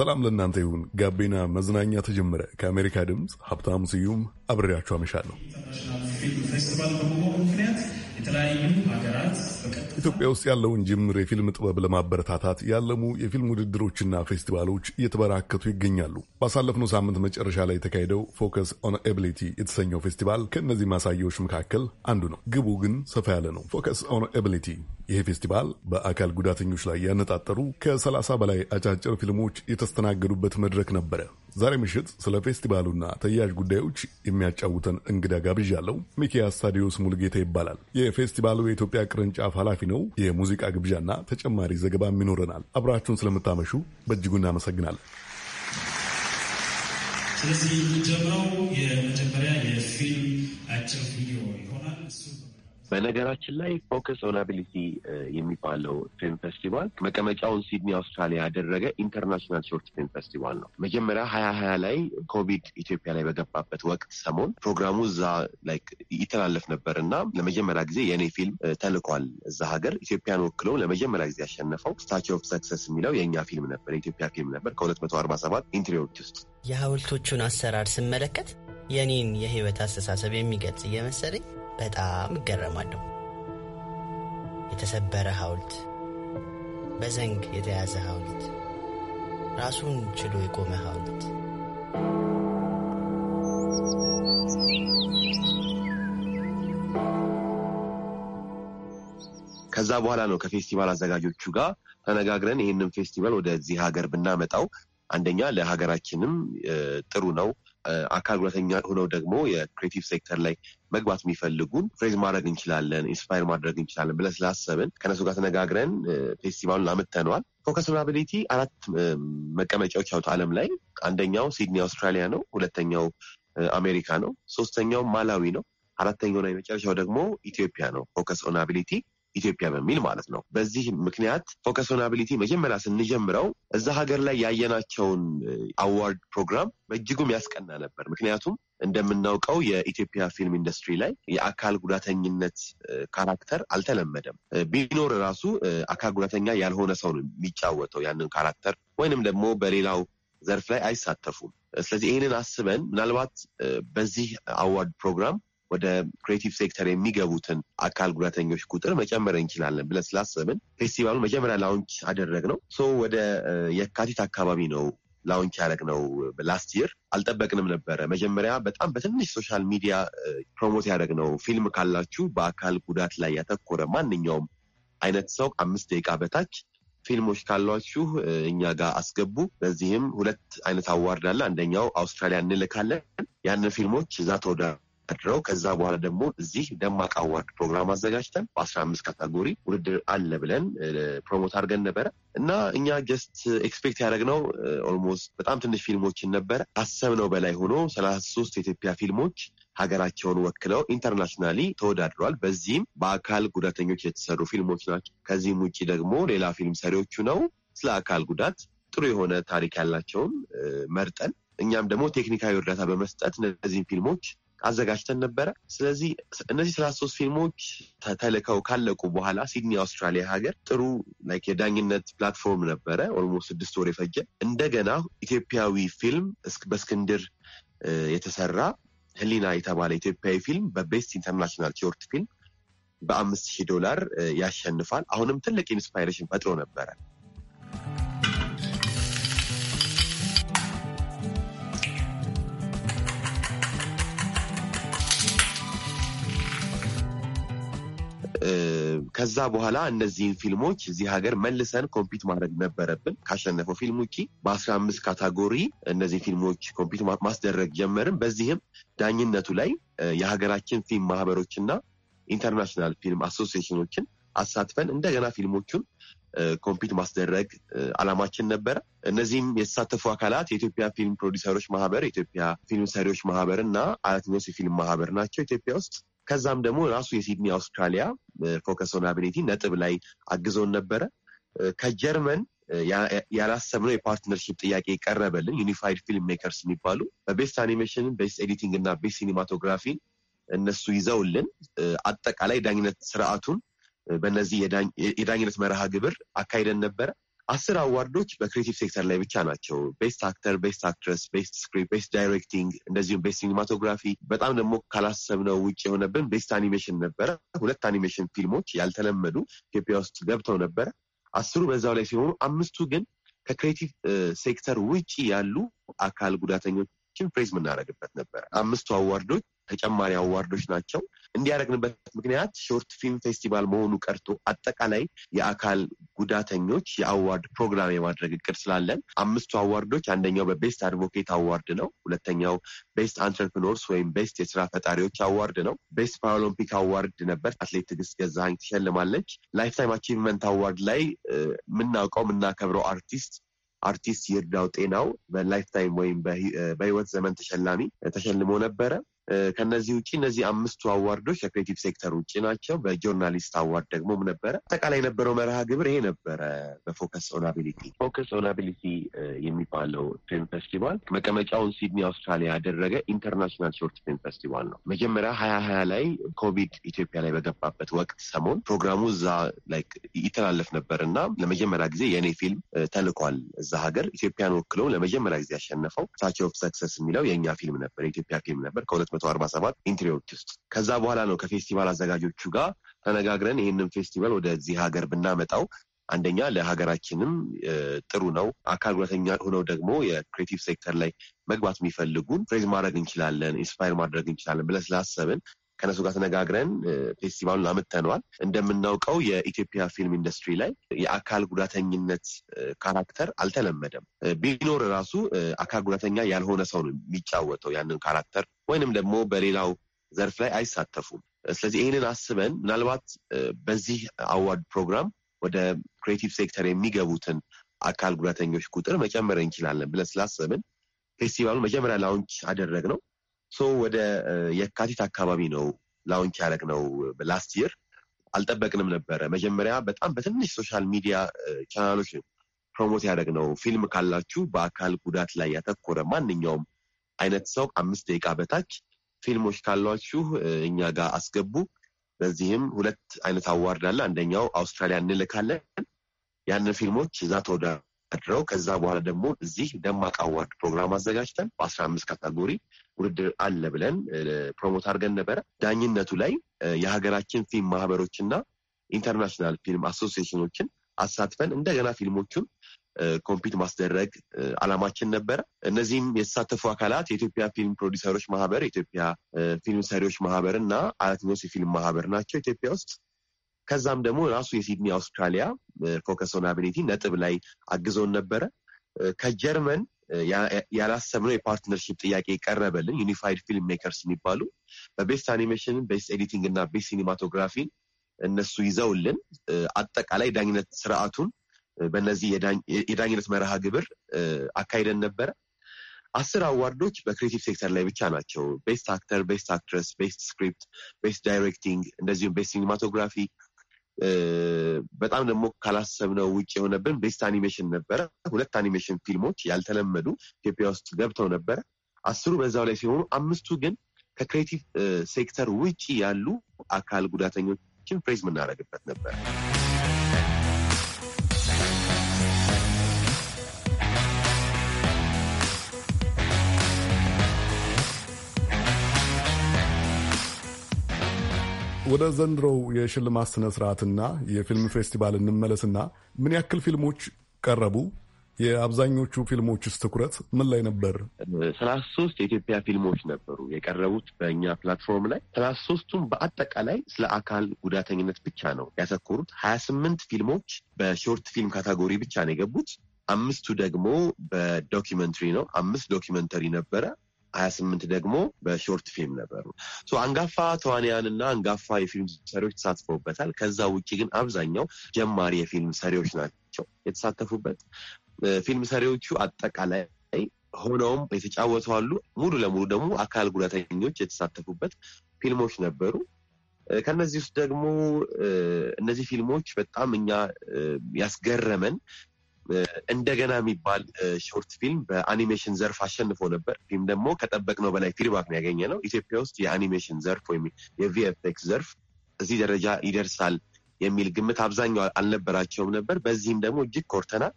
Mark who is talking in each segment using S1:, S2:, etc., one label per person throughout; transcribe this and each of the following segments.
S1: ሰላም ለእናንተ ይሁን። ጋቢና መዝናኛ ተጀመረ። ከአሜሪካ ድምፅ ሀብታሙ ስዩም አብሬያችሁ አመሻለሁ። ኢትዮጵያ ውስጥ ያለውን ጅምር የፊልም ጥበብ ለማበረታታት ያለሙ የፊልም ውድድሮችና ፌስቲቫሎች እየተበራከቱ ይገኛሉ። ባሳለፍነው ሳምንት መጨረሻ ላይ የተካሄደው ፎከስ ኦን ኤቢሊቲ የተሰኘው ፌስቲቫል ከእነዚህ ማሳያዎች መካከል አንዱ ነው። ግቡ ግን ሰፋ ያለ ነው። ፎከስ ኦን ኤቢሊቲ ይህ ፌስቲቫል በአካል ጉዳተኞች ላይ ያነጣጠሩ ከ30 በላይ አጫጭር ፊልሞች የተስተናገዱበት መድረክ ነበረ። ዛሬ ምሽት ስለ ፌስቲቫሉና ተያያዥ ጉዳዮች የሚያጫውተን እንግዳ ጋብዣለሁ። ሚኪያስ ሳዲዮስ ሙልጌታ ይባላል። የፌስቲቫሉ የኢትዮጵያ ቅርንጫፍ ኃላፊ ነው። የሙዚቃ ግብዣና ተጨማሪ ዘገባም ይኖረናል። አብራችሁን ስለምታመሹ በእጅጉ እናመሰግናለን።
S2: ስለዚህ የምንጀምረው የመጀመሪያ የፊልም አጭር ቪዲዮ ይሆናል።
S3: በነገራችን ላይ ፎከስ ኦን አቢሊቲ የሚባለው ፊልም ፌስቲቫል መቀመጫውን ሲድኒ አውስትራሊያ ያደረገ ኢንተርናሽናል ሾርት ፊልም ፌስቲቫል ነው። መጀመሪያ ሀያ ሀያ ላይ ኮቪድ ኢትዮጵያ ላይ በገባበት ወቅት ሰሞን ፕሮግራሙ እዛ ላይክ ይተላለፍ ነበር እና ለመጀመሪያ ጊዜ የእኔ ፊልም ተልኳል እዛ ሀገር ኢትዮጵያን ወክለው ለመጀመሪያ ጊዜ ያሸነፈው ስታች ኦፍ ሰክሰስ የሚለው የእኛ ፊልም ነበር፣ የኢትዮጵያ ፊልም ነበር ከሁለት መቶ አርባ ሰባት ኢንትሪዎች
S4: ውስጥ የሀውልቶቹን አሰራር ስመለከት የኔን የህይወት አስተሳሰብ የሚገልጽ እየመሰለኝ በጣም እገረማለሁ። የተሰበረ ሐውልት፣ በዘንግ የተያዘ ሐውልት፣ ራሱን ችሎ የቆመ ሐውልት
S3: ከዛ በኋላ ነው ከፌስቲቫል አዘጋጆቹ ጋር ተነጋግረን ይህንን ፌስቲቫል ወደዚህ ሀገር ብናመጣው አንደኛ ለሀገራችንም ጥሩ ነው። አካል ጉዳተኛ ሆነው ደግሞ የክሬቲቭ ሴክተር ላይ መግባት የሚፈልጉን ፍሬዝ ማድረግ እንችላለን፣ ኢንስፓየር ማድረግ እንችላለን ብለን ስላሰብን ከነሱ ጋር ተነጋግረን ፌስቲቫሉን አምጥተነዋል። ፎከስ ኦን አራት መቀመጫዎች አሉት ዓለም ላይ አንደኛው ሲድኒ አውስትራሊያ ነው። ሁለተኛው አሜሪካ ነው። ሶስተኛው ማላዊ ነው። አራተኛውና የመጨረሻው ደግሞ ኢትዮጵያ ነው። ፎከስ ኦን ኢትዮጵያ በሚል ማለት ነው። በዚህ ምክንያት ፎከሶናቢሊቲ መጀመሪያ ስንጀምረው እዛ ሀገር ላይ ያየናቸውን አዋርድ ፕሮግራም በእጅጉም ያስቀና ነበር። ምክንያቱም እንደምናውቀው የኢትዮጵያ ፊልም ኢንዱስትሪ ላይ የአካል ጉዳተኝነት uh, ካራክተር አልተለመደም። uh, ቢኖር ራሱ uh, አካል ጉዳተኛ ያልሆነ ሰው ነው የሚጫወተው ያንን ካራክተር ወይንም ደግሞ በሌላው ዘርፍ ላይ አይሳተፉም። ስለዚህ ይህንን አስበን ምናልባት በዚህ አዋርድ ፕሮግራም ወደ ክሬቲቭ ሴክተር የሚገቡትን አካል ጉዳተኞች ቁጥር መጨመር እንችላለን ብለን ስላሰብን ፌስቲቫሉ መጀመሪያ ላውንች ነው። ሶ ወደ የካቲት አካባቢ ነው ላውንች ያደረግነው ላስት ይር። አልጠበቅንም ነበረ። መጀመሪያ በጣም በትንሽ ሶሻል ሚዲያ ፕሮሞት ያደረግነው ፊልም ካላችሁ በአካል ጉዳት ላይ ያተኮረ ማንኛውም አይነት ሰው አምስት ደቂቃ በታች ፊልሞች ካሏችሁ እኛ ጋር አስገቡ። በዚህም ሁለት አይነት አዋርድ አለ። አንደኛው አውስትራሊያ እንልካለን ያንን ፊልሞች እዛ ተወዳ አድረው ከዛ በኋላ ደግሞ እዚህ ደማቅ አዋርድ ፕሮግራም አዘጋጅተን በአስራ አምስት ካታጎሪ ውድድር አለ ብለን ፕሮሞት አድርገን ነበረ እና እኛ ጀስት ኤክስፔክት ያደረግነው ኦልሞስት በጣም ትንሽ ፊልሞችን ነበረ አሰብነው በላይ ሆኖ ሰላሳ ሶስት የኢትዮጵያ ፊልሞች ሀገራቸውን ወክለው ኢንተርናሽናሊ ተወዳድረዋል። በዚህም በአካል ጉዳተኞች የተሰሩ ፊልሞች ናቸው። ከዚህም ውጭ ደግሞ ሌላ ፊልም ሰሪዎቹ ነው ስለ አካል ጉዳት ጥሩ የሆነ ታሪክ ያላቸውን መርጠን እኛም ደግሞ ቴክኒካዊ እርዳታ በመስጠት እነዚህም ፊልሞች አዘጋጅተን ነበረ። ስለዚህ እነዚህ ሰላሳ ሶስት ፊልሞች ተልከው ካለቁ በኋላ ሲድኒ አውስትራሊያ ሀገር ጥሩ ላይክ የዳኝነት ፕላትፎርም ነበረ። ኦልሞስት ስድስት ወር የፈጀ እንደገና ኢትዮጵያዊ ፊልም በእስክንድር የተሰራ ህሊና የተባለ ኢትዮጵያዊ ፊልም በቤስት ኢንተርናሽናል ቲዮርት ፊልም በአምስት ሺህ ዶላር ያሸንፋል። አሁንም ትልቅ ኢንስፓይሬሽን ፈጥሮ ነበረ። ከዛ በኋላ እነዚህን ፊልሞች እዚህ ሀገር መልሰን ኮምፒት ማድረግ ነበረብን። ካሸነፈው ፊልም ውጪ በአስራ አምስት ካታጎሪ እነዚህ ፊልሞች ኮምፒት ማስደረግ ጀመርን። በዚህም ዳኝነቱ ላይ የሀገራችን ፊልም ማህበሮችና ኢንተርናሽናል ፊልም አሶሲሽኖችን አሳትፈን እንደገና ፊልሞቹን ኮምፒት ማስደረግ አላማችን ነበረ። እነዚህም የተሳተፉ አካላት የኢትዮጵያ ፊልም ፕሮዲሰሮች ማህበር፣ የኢትዮጵያ ፊልም ሰሪዎች ማህበር እና አያትኞስ የፊልም ማህበር ናቸው ኢትዮጵያ ውስጥ ከዛም ደግሞ ራሱ የሲድኒ አውስትራሊያ ፎከስ ኦን አቢሊቲ ነጥብ ላይ አግዞን ነበረ። ከጀርመን ያላሰብነው የፓርትነርሽፕ ጥያቄ ቀረበልን። ዩኒፋይድ ፊልም ሜከርስ የሚባሉ በቤስት አኒሜሽን፣ ቤስት ኤዲቲንግ እና ቤስት ሲኒማቶግራፊን እነሱ ይዘውልን አጠቃላይ ዳኝነት ስርዓቱን በነዚህ የዳኝነት መርሃ ግብር አካሂደን ነበረ። አስር አዋርዶች በክሬቲቭ ሴክተር ላይ ብቻ ናቸው። ቤስት አክተር፣ ቤስት አክትረስ፣ ቤስት ስክሪፕት፣ ቤስት ዳይሬክቲንግ እንደዚሁም ቤስት ሲኒማቶግራፊ። በጣም ደግሞ ካላሰብነው ውጭ የሆነብን ቤስት አኒሜሽን ነበረ። ሁለት አኒሜሽን ፊልሞች ያልተለመዱ ኢትዮጵያ ውስጥ ገብተው ነበረ። አስሩ በዛው ላይ ሲሆኑ አምስቱ ግን ከክሬቲቭ ሴክተር ውጭ ያሉ አካል ጉዳተኞችን ፕሬዝ የምናደርግበት ነበረ። አምስቱ አዋርዶች ተጨማሪ አዋርዶች ናቸው። እንዲያደረግንበት ምክንያት ሾርት ፊልም ፌስቲቫል መሆኑ ቀርቶ አጠቃላይ የአካል ጉዳተኞች የአዋርድ ፕሮግራም የማድረግ እቅድ ስላለን አምስቱ አዋርዶች አንደኛው በቤስት አድቮኬት አዋርድ ነው። ሁለተኛው ቤስት አንትረፕኖርስ ወይም ቤስት የስራ ፈጣሪዎች አዋርድ ነው። ቤስት ፓራሎምፒክ አዋርድ ነበር። አትሌት ትዕግስት ገዛኸኝ ትሸልማለች። ላይፍታይም አቺቭመንት አዋርድ ላይ የምናውቀው የምናከብረው አርቲስት አርቲስት ይርዳው ጤናው በላይፍታይም ወይም በህይወት ዘመን ተሸላሚ ተሸልሞ ነበረ። ከነዚህ ውጭ እነዚህ አምስቱ አዋርዶች ከክሬቲቭ ሴክተር ውጭ ናቸው። በጆርናሊስት አዋርድ ደግሞ ነበረ? አጠቃላይ የነበረው መርሃ ግብር ይሄ ነበረ። በፎከስ ኦናቢሊቲ ፎከስ ኦናቢሊቲ የሚባለው ፊልም ፌስቲቫል መቀመጫውን ሲድኒ አውስትራሊያ ያደረገ ኢንተርናሽናል ሾርት ፊልም ፌስቲቫል ነው። መጀመሪያ ሀያ ሀያ ላይ ኮቪድ ኢትዮጵያ ላይ በገባበት ወቅት ሰሞን ፕሮግራሙ እዛ ላይ ይተላለፍ ነበር እና ለመጀመሪያ ጊዜ የእኔ ፊልም ተልኳል እዛ ሀገር ኢትዮጵያን ወክለው ለመጀመሪያ ጊዜ ያሸነፈው ታች ኦፍ ሰክሰስ የሚለው የእኛ ፊልም ነበር፣ የኢትዮጵያ ፊልም ነበር ከሁለት ሁለት መቶ አርባ ሰባት ኢንትሪዎች ውስጥ ከዛ በኋላ ነው ከፌስቲቫል አዘጋጆቹ ጋር ተነጋግረን ይህንን ፌስቲቫል ወደዚህ ሀገር ብናመጣው አንደኛ ለሀገራችንም ጥሩ ነው። አካል ጉዳተኛ ሆነው ደግሞ የክሬቲቭ ሴክተር ላይ መግባት የሚፈልጉን ፍሬዝ ማድረግ እንችላለን፣ ኢንስፓየር ማድረግ እንችላለን ብለን ስላሰብን ከነሱ ጋር ተነጋግረን ፌስቲቫሉን አምተነዋል። እንደምናውቀው የኢትዮጵያ ፊልም ኢንዱስትሪ ላይ የአካል ጉዳተኝነት ካራክተር አልተለመደም። ቢኖር ራሱ አካል ጉዳተኛ ያልሆነ ሰው ነው የሚጫወተው ያንን ካራክተር ወይንም ደግሞ በሌላው ዘርፍ ላይ አይሳተፉም። ስለዚህ ይህንን አስበን ምናልባት በዚህ አዋርድ ፕሮግራም ወደ ክሬቲቭ ሴክተር የሚገቡትን አካል ጉዳተኞች ቁጥር መጨመር እንችላለን ብለን ስላሰብን ፌስቲቫሉን መጀመሪያ ላውንች አደረግ ነው። ወደ የካቲት አካባቢ ነው ላውንች ያደረግነው ላስት ይር። አልጠበቅንም ነበረ። መጀመሪያ በጣም በትንሽ ሶሻል ሚዲያ ቻናሎች ፕሮሞት ነው ፊልም ካላችሁ በአካል ጉዳት ላይ ያተኮረ ማንኛውም አይነት ሰው አምስት ደቂቃ በታች ፊልሞች ካሏችሁ እኛ ጋር አስገቡ። በዚህም ሁለት አይነት አዋርድ አለ። አንደኛው አውስትራሊያ እንልካለን ያንን ፊልሞች እዛ ተወዳድረው ከዛ በኋላ ደግሞ እዚህ ደማቅ አዋርድ ፕሮግራም አዘጋጅተን በአስራ አምስት ካታጎሪ ውድድር አለ ብለን ፕሮሞት አድርገን ነበረ። ዳኝነቱ ላይ የሀገራችን ፊልም ማህበሮችና ኢንተርናሽናል ፊልም አሶሲዬሽኖችን አሳትፈን እንደገና ፊልሞቹን ኮምፒት ማስደረግ አላማችን ነበረ። እነዚህም የተሳተፉ አካላት የኢትዮጵያ ፊልም ፕሮዲሰሮች ማህበር፣ የኢትዮጵያ ፊልም ሰሪዎች ማህበር እና አያትኞስ የፊልም ማህበር ናቸው ኢትዮጵያ ውስጥ። ከዛም ደግሞ ራሱ የሲድኒ አውስትራሊያ ፎከስ ኦን አቢሊቲ ነጥብ ላይ አግዘውን ነበረ። ከጀርመን ያላሰብነው የፓርትነርሽፕ ጥያቄ ቀረበልን። ዩኒፋይድ ፊልም ሜከርስ የሚባሉ በቤስት አኒሜሽን፣ ቤስት ኤዲቲንግ እና ቤስት ሲኒማቶግራፊን እነሱ ይዘውልን አጠቃላይ ዳኝነት ስርዓቱን በእነዚህ የዳኝነት መርሃ ግብር አካሂደን ነበረ። አስር አዋርዶች በክሬቲቭ ሴክተር ላይ ብቻ ናቸው። ቤስት አክተር፣ ቤስት አክትረስ፣ ቤስት ስክሪፕት፣ ቤስት ዳይሬክቲንግ እንደዚሁም ቤስት ሲኒማቶግራፊ በጣም ደግሞ ካላሰብነው ውጭ የሆነብን ቤስት አኒሜሽን ነበረ። ሁለት አኒሜሽን ፊልሞች ያልተለመዱ ኢትዮጵያ ውስጥ ገብተው ነበረ። አስሩ በዛው ላይ ሲሆኑ አምስቱ ግን ከክሬቲቭ ሴክተር ውጭ ያሉ አካል ጉዳተኞችን ፕሬዝ የምናደርግበት ነበረ።
S1: ወደ ዘንድሮው የሽልማት ስነ ስርዓትና የፊልም ፌስቲቫል እንመለስና ምን ያክል ፊልሞች ቀረቡ? የአብዛኞቹ ፊልሞችስ ትኩረት ምን ላይ ነበር?
S3: ሰላሳ ሶስት የኢትዮጵያ ፊልሞች ነበሩ የቀረቡት በእኛ ፕላትፎርም ላይ። ሰላሳ ሶስቱም በአጠቃላይ ስለ አካል ጉዳተኝነት ብቻ ነው ያተኮሩት። ሀያ ስምንት ፊልሞች በሾርት ፊልም ካታጎሪ ብቻ ነው የገቡት። አምስቱ ደግሞ በዶኪመንትሪ ነው። አምስት ዶኪመንተሪ ነበረ። ሀያ ስምንት ደግሞ በሾርት ፊልም ነበሩ። አንጋፋ ተዋንያንና አንጋፋ የፊልም ሰሪዎች ተሳትፈውበታል። ከዛ ውጭ ግን አብዛኛው ጀማሪ የፊልም ሰሪዎች ናቸው የተሳተፉበት። ፊልም ሰሪዎቹ አጠቃላይ ሆነውም የተጫወቱ አሉ። ሙሉ ለሙሉ ደግሞ አካል ጉዳተኞች የተሳተፉበት ፊልሞች ነበሩ። ከነዚህ ውስጥ ደግሞ እነዚህ ፊልሞች በጣም እኛ ያስገረመን እንደገና የሚባል ሾርት ፊልም በአኒሜሽን ዘርፍ አሸንፎ ነበር። ፊልም ደግሞ ከጠበቅነው በላይ ፊድባክ ያገኘ ነው። ኢትዮጵያ ውስጥ የአኒሜሽን ዘርፍ ወይም የቪኤፍኤክስ ዘርፍ እዚህ ደረጃ ይደርሳል የሚል ግምት አብዛኛው አልነበራቸውም ነበር። በዚህም ደግሞ እጅግ ኮርተናል።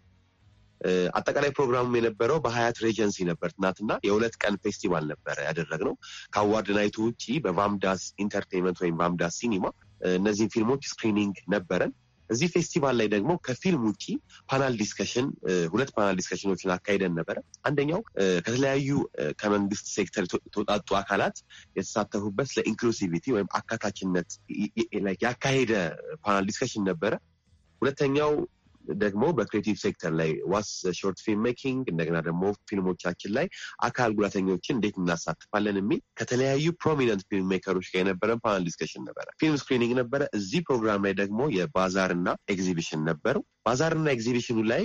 S3: አጠቃላይ ፕሮግራሙም የነበረው በሀያት ሬጀንሲ ነበር። ትናንትና የሁለት ቀን ፌስቲቫል ነበረ ያደረግነው ከአዋርድ ናይቱ ውጭ በቫምዳስ ኢንተርቴንመንት ወይም ቫምዳስ ሲኒማ እነዚህን ፊልሞች ስክሪኒንግ ነበረን። እዚህ ፌስቲቫል ላይ ደግሞ ከፊልም ውጭ ፓናል ዲስከሽን ሁለት ፓናል ዲስከሽኖችን አካሂደን ነበረ። አንደኛው ከተለያዩ ከመንግስት ሴክተር የተውጣጡ አካላት የተሳተፉበት ለኢንክሉሲቪቲ ወይም አካታችነት ያካሄደ ፓናል ዲስከሽን ነበረ። ሁለተኛው ደግሞ በክሬቲቭ ሴክተር ላይ ዋስ ሾርት ፊልም ሜኪንግ እንደገና ደግሞ ፊልሞቻችን ላይ አካል ጉዳተኞችን እንዴት እናሳትፋለን የሚል ከተለያዩ ፕሮሚነንት ፊልም ሜከሮች ጋር የነበረን ፓናል ዲስከሽን ነበረ። ፊልም ስክሪኒንግ ነበረ። እዚህ ፕሮግራም ላይ ደግሞ የባዛርና ኤግዚቢሽን ነበሩ። ባዛርና ኤግዚቢሽኑ ላይ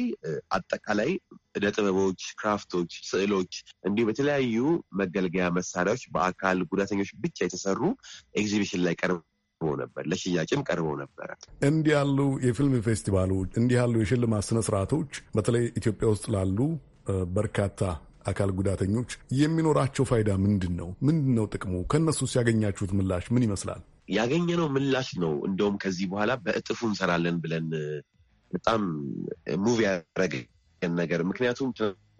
S3: አጠቃላይ እደ ጥበቦች፣ ክራፍቶች፣ ስዕሎች እንዲሁም የተለያዩ መገልገያ መሳሪያዎች በአካል ጉዳተኞች ብቻ የተሰሩ ኤግዚቢሽን ላይ ቀርበ ቀርቦ ነበር፣ ለሽያጭም ቀርቦ ነበረ።
S1: እንዲህ ያሉ የፊልም ፌስቲቫሎች፣ እንዲህ ያሉ የሽልማት ስነስርዓቶች በተለይ ኢትዮጵያ ውስጥ ላሉ በርካታ አካል ጉዳተኞች የሚኖራቸው ፋይዳ ምንድን ነው? ምንድን ነው ጥቅሙ? ከእነሱስ ያገኛችሁት ምላሽ ምን ይመስላል?
S3: ያገኘነው ምላሽ ነው እንደውም ከዚህ በኋላ በእጥፉ እንሰራለን ብለን በጣም ሙቭ ያደረገን ነገር ምክንያቱም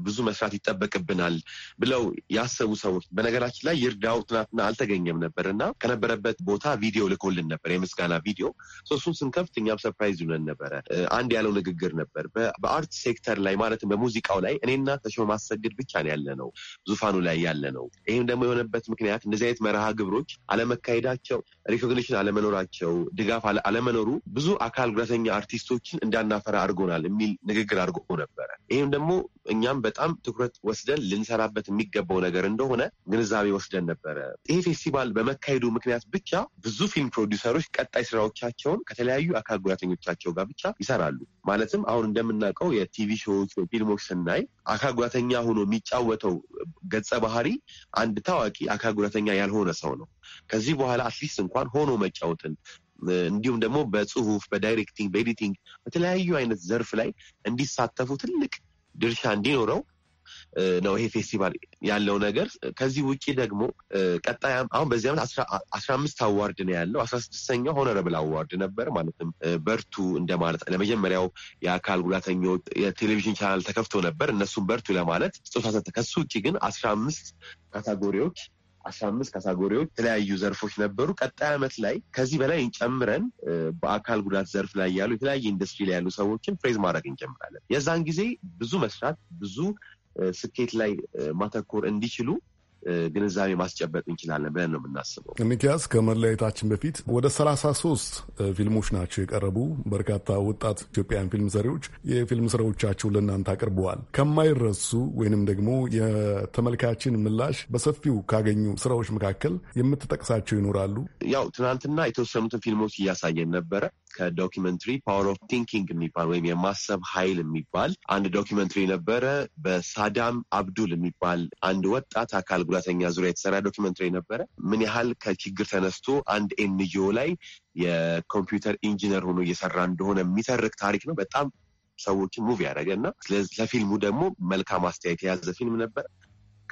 S3: ብዙ መስራት ይጠበቅብናል ብለው ያሰቡ ሰዎች በነገራችን ላይ ይርዳው ትናንትና አልተገኘም ነበር እና ከነበረበት ቦታ ቪዲዮ ልኮልን ነበር፣ የምስጋና ቪዲዮ። እሱን ስንከፍት እኛም ሰርፕራይዝ ይሆነን ነበረ። አንድ ያለው ንግግር ነበር። በአርት ሴክተር ላይ ማለትም በሙዚቃው ላይ እኔና ተሾመ ማሰግድ ብቻ ነው ያለ ነው ዙፋኑ ላይ ያለ ነው። ይህም ደግሞ የሆነበት ምክንያት እንደዚህ አይነት መርሃ ግብሮች አለመካሄዳቸው፣ ሪኮግኒሽን አለመኖራቸው፣ ድጋፍ አለመኖሩ ብዙ አካል ጉዳተኛ አርቲስቶችን እንዳናፈራ አድርጎናል የሚል ንግግር አድርጎ ነበረ። ይህም ደግሞ እኛም በጣም ትኩረት ወስደን ልንሰራበት የሚገባው ነገር እንደሆነ ግንዛቤ ወስደን ነበረ። ይሄ ፌስቲቫል በመካሄዱ ምክንያት ብቻ ብዙ ፊልም ፕሮዲውሰሮች ቀጣይ ስራዎቻቸውን ከተለያዩ አካል ጉዳተኞቻቸው ጋር ብቻ ይሰራሉ። ማለትም አሁን እንደምናውቀው የቲቪ ሾዎች ወይ ፊልሞች ስናይ አካል ጉዳተኛ ሆኖ የሚጫወተው ገጸ ባህሪ አንድ ታዋቂ አካል ጉዳተኛ ያልሆነ ሰው ነው። ከዚህ በኋላ አትሊስት እንኳን ሆኖ መጫወትን እንዲሁም ደግሞ በጽሁፍ፣ በዳይሬክቲንግ፣ በኤዲቲንግ በተለያዩ አይነት ዘርፍ ላይ እንዲሳተፉ ትልቅ ድርሻ እንዲኖረው ነው ይሄ ፌስቲቫል ያለው ነገር። ከዚህ ውጭ ደግሞ ቀጣይ አሁን በዚህ ዓመት አስራ አምስት አዋርድ ነው ያለው። አስራ ስድስተኛው ሆነረብል አዋርድ ነበር። ማለትም በርቱ እንደማለት ለመጀመሪያው የአካል ጉዳተኞች የቴሌቪዥን ቻናል ተከፍቶ ነበር እነሱም በርቱ ለማለት ስጦታ ሰጠ። ከሱ ውጭ ግን አስራ አምስት ካታጎሪዎች አስራ አምስት ካሳጎሪዎች የተለያዩ ዘርፎች ነበሩ። ቀጣይ ዓመት ላይ ከዚህ በላይ እንጨምረን በአካል ጉዳት ዘርፍ ላይ ያሉ የተለያየ ኢንዱስትሪ ላይ ያሉ ሰዎችን ፕሬዝ ማድረግ እንጀምራለን። የዛን ጊዜ ብዙ መስራት ብዙ ስኬት ላይ ማተኮር እንዲችሉ ግንዛቤ ማስጨበጥ እንችላለን ብለን ነው የምናስበው።
S1: ሚኪያስ፣ ከመለያየታችን በፊት ወደ ሰላሳ ሶስት ፊልሞች ናቸው የቀረቡ። በርካታ ወጣት ኢትዮጵያውያን ፊልም ሰሪዎች የፊልም ስራዎቻቸው ለእናንተ አቅርበዋል። ከማይረሱ ወይንም ደግሞ የተመልካችን ምላሽ በሰፊው ካገኙ ስራዎች መካከል የምትጠቅሳቸው ይኖራሉ?
S3: ያው ትናንትና የተወሰኑትን ፊልሞች እያሳየን ነበረ። ከዶኪመንትሪ ፓወር ኦፍ ቲንኪንግ የሚባል ወይም የማሰብ ኃይል የሚባል አንድ ዶኪመንትሪ ነበረ። በሳዳም አብዱል የሚባል አንድ ወጣት አካል ጉዳተኛ ዙሪያ የተሰራ ዶኪመንትሪ ነበረ። ምን ያህል ከችግር ተነስቶ አንድ ኤንጂኦ ላይ የኮምፒውተር ኢንጂነር ሆኖ እየሰራ እንደሆነ የሚተርክ ታሪክ ነው። በጣም ሰዎችን ሙቭ ያደረገ እና ለፊልሙ ደግሞ መልካም አስተያየት የያዘ ፊልም ነበር።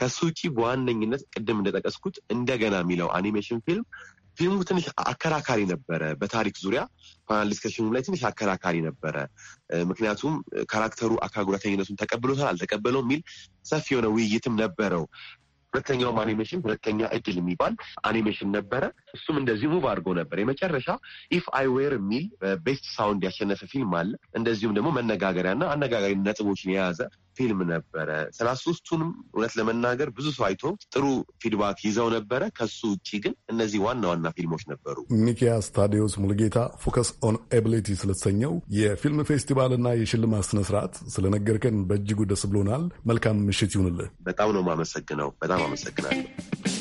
S3: ከሱ ውጭ በዋነኝነት ቅድም እንደጠቀስኩት እንደገና የሚለው አኒሜሽን ፊልም ፊልሙ ትንሽ አከራካሪ ነበረ። በታሪክ ዙሪያ ፓናል ዲስከሽኑ ላይ ትንሽ አከራካሪ ነበረ። ምክንያቱም ካራክተሩ አካል ጉዳተኝነቱን ተቀብሎታል አልተቀበለው የሚል ሰፊ የሆነ ውይይትም ነበረው። ሁለተኛውም አኒሜሽን ሁለተኛ እድል የሚባል አኒሜሽን ነበረ። እሱም እንደዚሁ ሙቭ አድርጎ ነበር። የመጨረሻ ኢፍ አይ ዌር የሚል ቤስት ሳውንድ ያሸነፈ ፊልም አለ። እንደዚሁም ደግሞ መነጋገሪያና አነጋጋሪ ነጥቦችን የያዘ ፊልም ነበረ። ሰላሳ ሶስቱንም እውነት ለመናገር ብዙ ሰው አይቶ ጥሩ ፊድባክ ይዘው ነበረ። ከሱ ውጭ ግን እነዚህ ዋና ዋና ፊልሞች ነበሩ።
S1: ኒኪያስ ታዲዮስ ሙልጌታ ፎከስ ኦን ኤቢሊቲ ስለተሰኘው የፊልም ፌስቲቫልና የሽልማት ስነስርዓት ስለነገርከን በእጅጉ ደስ ብሎናል። መልካም ምሽት ይሁንልህ።
S3: በጣም ነው የማመሰግነው። በጣም አመሰግናለሁ።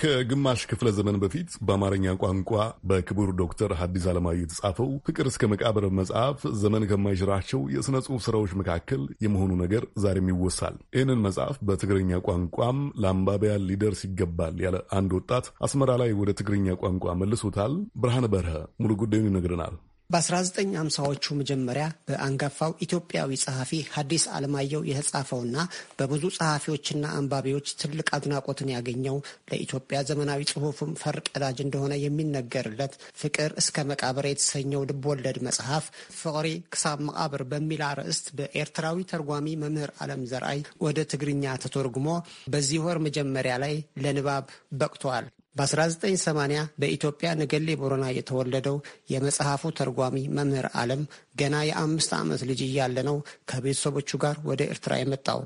S1: ከግማሽ ክፍለ ዘመን በፊት በአማርኛ ቋንቋ በክቡር ዶክተር ሐዲስ ዓለማዊ የተጻፈው ፍቅር እስከ መቃብር መጽሐፍ ዘመን ከማይሽራቸው የሥነ ጽሑፍ ሥራዎች መካከል የመሆኑ ነገር ዛሬም ይወሳል። ይህንን መጽሐፍ በትግርኛ ቋንቋም ለአንባቢያን ሊደርስ ይገባል ያለ አንድ ወጣት አስመራ ላይ ወደ ትግርኛ ቋንቋ መልሶታል። ብርሃን በርሀ ሙሉ ጉዳዩን ይነግረናል።
S4: በ1950ዎቹ መጀመሪያ በአንጋፋው ኢትዮጵያዊ ጸሐፊ ሐዲስ ዓለማየሁ የተጻፈውና በብዙ ጸሐፊዎችና አንባቢዎች ትልቅ አድናቆትን ያገኘው ለኢትዮጵያ ዘመናዊ ጽሑፍም ፈር ቀዳጅ እንደሆነ የሚነገርለት ፍቅር እስከ መቃብር የተሰኘው ልብወለድ መጽሐፍ ፍቅሪ ክሳብ መቃብር በሚል አርዕስት በኤርትራዊ ተርጓሚ መምህር ዓለም ዘርአይ ወደ ትግርኛ ተተርጉሞ በዚህ ወር መጀመሪያ ላይ ለንባብ በቅቷል። በ1980 በኢትዮጵያ ነገሌ ቦረና የተወለደው የመጽሐፉ ተርጓሚ መምህር አለም ገና የአምስት ዓመት ልጅ እያለ ነው ከቤተሰቦቹ ጋር ወደ ኤርትራ የመጣው።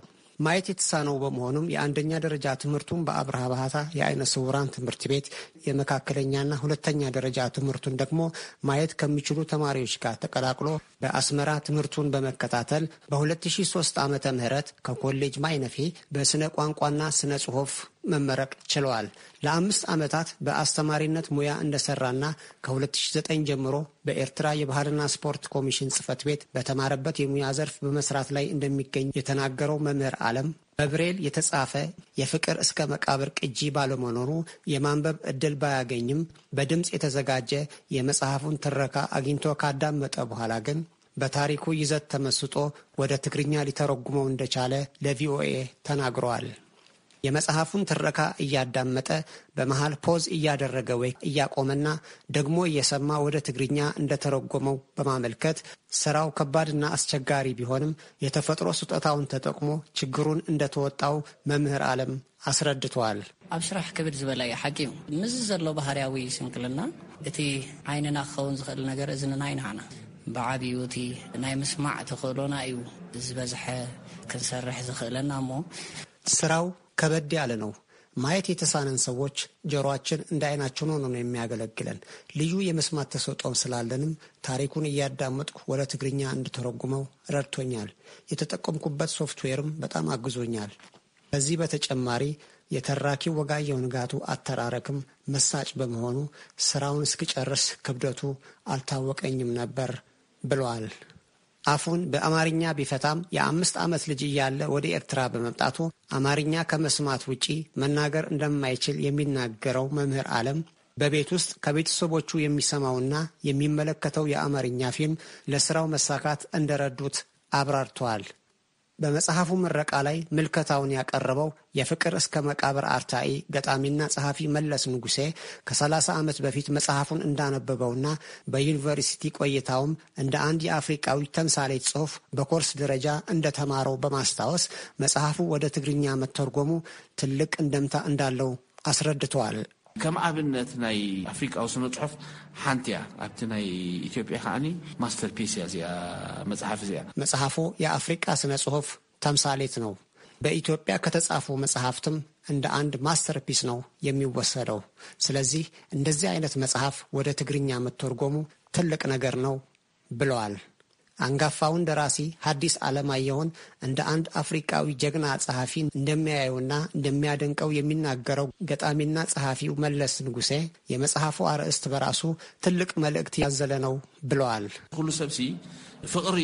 S4: ማየት የተሳነው በመሆኑም የአንደኛ ደረጃ ትምህርቱን በአብርሃ ባህታ የአይነ ስውራን ትምህርት ቤት፣ የመካከለኛና ሁለተኛ ደረጃ ትምህርቱን ደግሞ ማየት ከሚችሉ ተማሪዎች ጋር ተቀላቅሎ በአስመራ ትምህርቱን በመከታተል በ2003 ዓ ም ከኮሌጅ ማይነፌ በስነ ቋንቋና ስነ ጽሁፍ። መመረቅ ችለዋል። ለአምስት ዓመታት በአስተማሪነት ሙያ እንደሰራና ከ2009 ጀምሮ በኤርትራ የባህልና ስፖርት ኮሚሽን ጽፈት ቤት በተማረበት የሙያ ዘርፍ በመስራት ላይ እንደሚገኝ የተናገረው መምህር አለም በብሬል የተጻፈ የፍቅር እስከ መቃብር ቅጂ ባለመኖሩ የማንበብ እድል ባያገኝም በድምፅ የተዘጋጀ የመጽሐፉን ትረካ አግኝቶ ካዳመጠ በኋላ ግን በታሪኩ ይዘት ተመስጦ ወደ ትግርኛ ሊተረጉመው እንደቻለ ለቪኦኤ ተናግረዋል። የመጽሐፉን ትረካ እያዳመጠ በመሃል ፖዝ እያደረገ ወይ እያቆመና ደግሞ እየሰማ ወደ ትግርኛ እንደተረጎመው በማመልከት ስራው ከባድና አስቸጋሪ ቢሆንም የተፈጥሮ ስጦታውን ተጠቅሞ ችግሩን እንደተወጣው መምህር ዓለም አስረድተዋል። ኣብ ስራሕ ክብድ ዝበላ ሓቂ እዩ ምዝ ዘሎ ባህርያዊ ስንክልና እቲ ዓይንና ክኸውን ዝኽእል ነገር እዝንና ይንዓና ብዓብዩ እቲ ናይ ምስማዕ ተኽእሎና እዩ ዝበዝሐ ክንሰርሕ ዝኽእለና እሞ ስራው ከበድ ያለ ነው። ማየት የተሳነን ሰዎች ጆሮአችን እንደ አይናችን ሆኖ ነው የሚያገለግለን። ልዩ የመስማት ተሰጦም ስላለንም ታሪኩን እያዳመጥኩ ወደ ትግርኛ እንድተረጉመው ረድቶኛል። የተጠቀምኩበት ሶፍትዌርም በጣም አግዞኛል። ከዚህ በተጨማሪ የተራኪው ወጋየሁ ንጋቱ አተራረክም መሳጭ በመሆኑ ስራውን እስክጨርስ ክብደቱ አልታወቀኝም ነበር ብለዋል። አፉን በአማርኛ ቢፈታም የአምስት ዓመት ልጅ እያለ ወደ ኤርትራ በመምጣቱ አማርኛ ከመስማት ውጪ መናገር እንደማይችል የሚናገረው መምህር ዓለም በቤት ውስጥ ከቤተሰቦቹ የሚሰማውና የሚመለከተው የአማርኛ ፊልም ለስራው መሳካት እንደረዱት አብራርተዋል። በመጽሐፉ ምረቃ ላይ ምልከታውን ያቀረበው የፍቅር እስከ መቃብር አርታኢ ገጣሚና ጸሐፊ መለስ ንጉሴ ከ30 ዓመት በፊት መጽሐፉን እንዳነበበውና በዩኒቨርሲቲ ቆይታውም እንደ አንድ የአፍሪቃዊ ተምሳሌት ጽሑፍ በኮርስ ደረጃ እንደተማረው በማስታወስ መጽሐፉ ወደ ትግርኛ መተርጎሙ ትልቅ እንደምታ እንዳለው አስረድተዋል።
S3: ከም ኣብነት ናይ ኣፍሪቃዊ ስነ ፅሑፍ ሓንቲ እያ ኣብቲ ናይ ኢትዮጵያ ከዓኒ ማስተር ፒስ እያ እዚኣ መፅሓፍ እዚኣ
S4: መፅሓፉ የኣፍሪቃ ስነ ፅሑፍ ተምሳሌት ነው። በኢትዮጵያ ከተጻፉ መጽሐፍትም እንደ አንድ ማስተርፒስ ነው የሚወሰደው። ስለዚህ እንደዚህ አይነት መጽሐፍ ወደ ትግርኛ መተርጎሙ ትልቅ ነገር ነው ብለዋል። አንጋፋውን ደራሲ ሐዲስ ዓለማየሁን እንደ አንድ አፍሪቃዊ ጀግና ጸሐፊ እንደሚያየውና እንደሚያደንቀው የሚናገረው ገጣሚና ጸሐፊው መለስ ንጉሴ የመጽሐፉ አርእስት በራሱ ትልቅ መልእክት ያዘለ ነው ብለዋል።
S3: ኩሉ ሰብሲ ፍቅሪ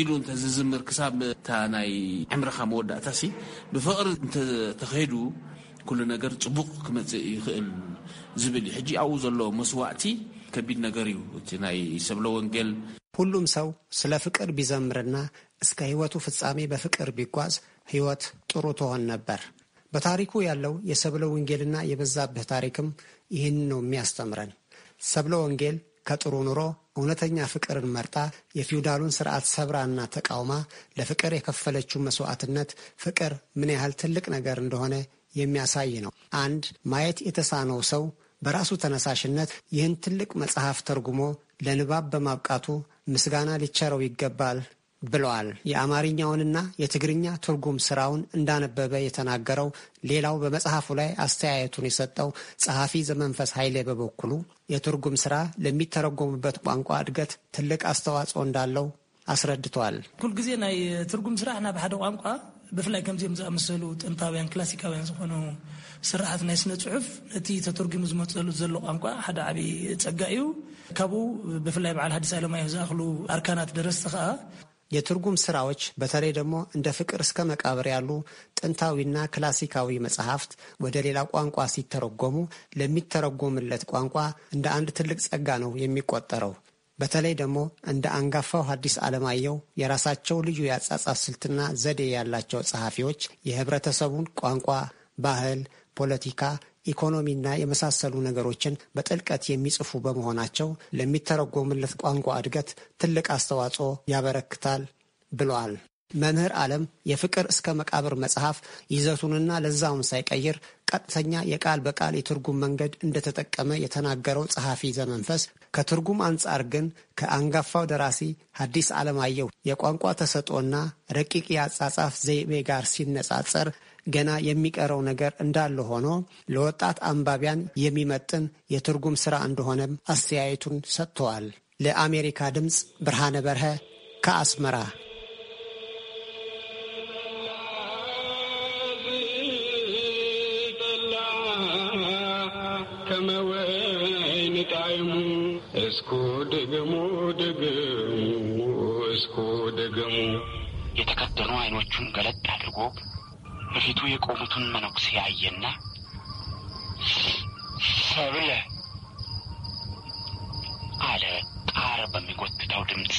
S3: ኢሉ እንተዝዝምር ክሳብ እታ ናይ ዕምረኻ መወዳእታ ሲ ብፍቅሪ እንተተኸይዱ ኩሉ ነገር ፅቡቅ ክመፅእ ይኽእል
S4: ዝብል እዩ ሕጂ ኣብኡ ዘሎ መስዋዕቲ ከቢድ ነገር እዩ እቲ ናይ ሰብለ ወንጌል ሁሉም ሰው ስለ ፍቅር ቢዘምርና እስከ ሕይወቱ ፍጻሜ በፍቅር ቢጓዝ ሕይወት ጥሩ ትሆን ነበር። በታሪኩ ያለው የሰብለ ወንጌልና የበዛብህ ታሪክም ይህን ነው የሚያስተምረን። ሰብለ ወንጌል ከጥሩ ኑሮ እውነተኛ ፍቅርን መርጣ የፊውዳሉን ስርዓት ሰብራና ተቃውማ ለፍቅር የከፈለችው መስዋዕትነት ፍቅር ምን ያህል ትልቅ ነገር እንደሆነ የሚያሳይ ነው። አንድ ማየት የተሳነው ሰው በራሱ ተነሳሽነት ይህን ትልቅ መጽሐፍ ተርጉሞ ለንባብ በማብቃቱ ምስጋና ሊቸረው ይገባል ብለዋል። የአማርኛውንና የትግርኛ ትርጉም ስራውን እንዳነበበ የተናገረው ሌላው በመጽሐፉ ላይ አስተያየቱን የሰጠው ጸሐፊ ዘመንፈስ ኃይሌ በበኩሉ የትርጉም ስራ ለሚተረጎምበት ቋንቋ እድገት ትልቅ አስተዋጽኦ እንዳለው አስረድቷል። ኩልግዜ ናይ ትርጉም ስራ ናብ ሓደ ቋንቋ ብፍላይ ከምዚኦም ዝኣመሰሉ ጥንታውያን ክላሲካውያን ዝኾኑ ስርዓት ናይ ስነ ፅሑፍ ነቲ ተተርጊሙ ዝመፀሉ ዘሎ ቋንቋ ሓደ ዓብዪ ፀጋ እዩ ካብኡ ብፍላይ በዓል ሓዲስ ኣለማዮ ዝኣኽሉ ኣርካናት ደረስቲ ከዓ የትርጉም ስራዎች በተለይ ደግሞ እንደ ፍቅር እስከ መቃብር ያሉ ጥንታዊና ክላሲካዊ መጽሐፍት ወደ ሌላ ቋንቋ ሲተረጎሙ ለሚተረጎምለት ቋንቋ እንደ አንድ ትልቅ ጸጋ ነው የሚቆጠረው። በተለይ ደግሞ እንደ አንጋፋው ሐዲስ ዓለማየሁ የራሳቸው ልዩ የአጻጻፍ ስልትና ዘዴ ያላቸው ጸሐፊዎች የህብረተሰቡን ቋንቋ፣ ባህል ፖለቲካ፣ ኢኮኖሚና የመሳሰሉ ነገሮችን በጥልቀት የሚጽፉ በመሆናቸው ለሚተረጎምለት ቋንቋ እድገት ትልቅ አስተዋጽኦ ያበረክታል ብለዋል። መምህር ዓለም የፍቅር እስከ መቃብር መጽሐፍ ይዘቱንና ለዛውን ሳይቀይር ቀጥተኛ የቃል በቃል የትርጉም መንገድ እንደተጠቀመ የተናገረው ጸሐፊ ዘመንፈስ ከትርጉም አንጻር ግን ከአንጋፋው ደራሲ ሐዲስ ዓለማየሁ የቋንቋ ተሰጥኦና ረቂቅ የአጻጻፍ ዘይቤ ጋር ሲነጻጸር ገና የሚቀረው ነገር እንዳለ ሆኖ ለወጣት አንባቢያን የሚመጥን የትርጉም ስራ እንደሆነም አስተያየቱን ሰጥተዋል። ለአሜሪካ ድምፅ ብርሃነ በርሀ ከአስመራ።
S2: እስኩ ድግሙ እስኩ የተከደኑ አይኖቹን ገለጥ አድርጎ በፊቱ የቆሙትን መነኩሴ አየና ሰብለ አለ ጣር በሚጎትተው ድምፅ።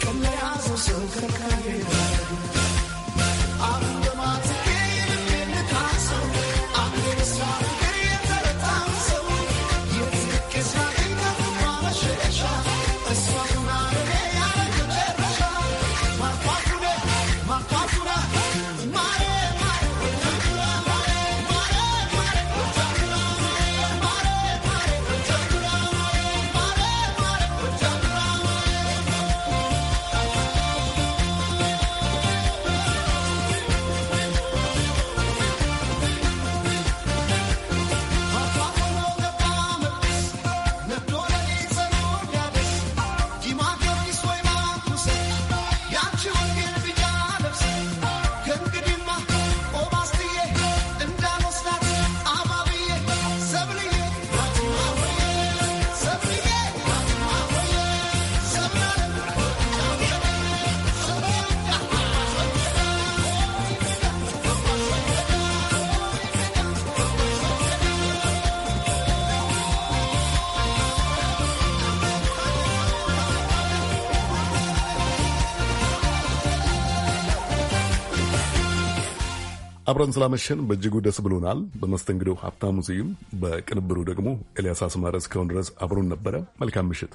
S2: Come on,
S1: አብረን ስላመሸን በእጅጉ ደስ ብሎናል። በመስተንግዶ ሀብታሙ ስዩም፣ በቅንብሩ ደግሞ ኤልያስ አስማረ እስካሁን ድረስ አብሮን ነበረ። መልካም ምሽት።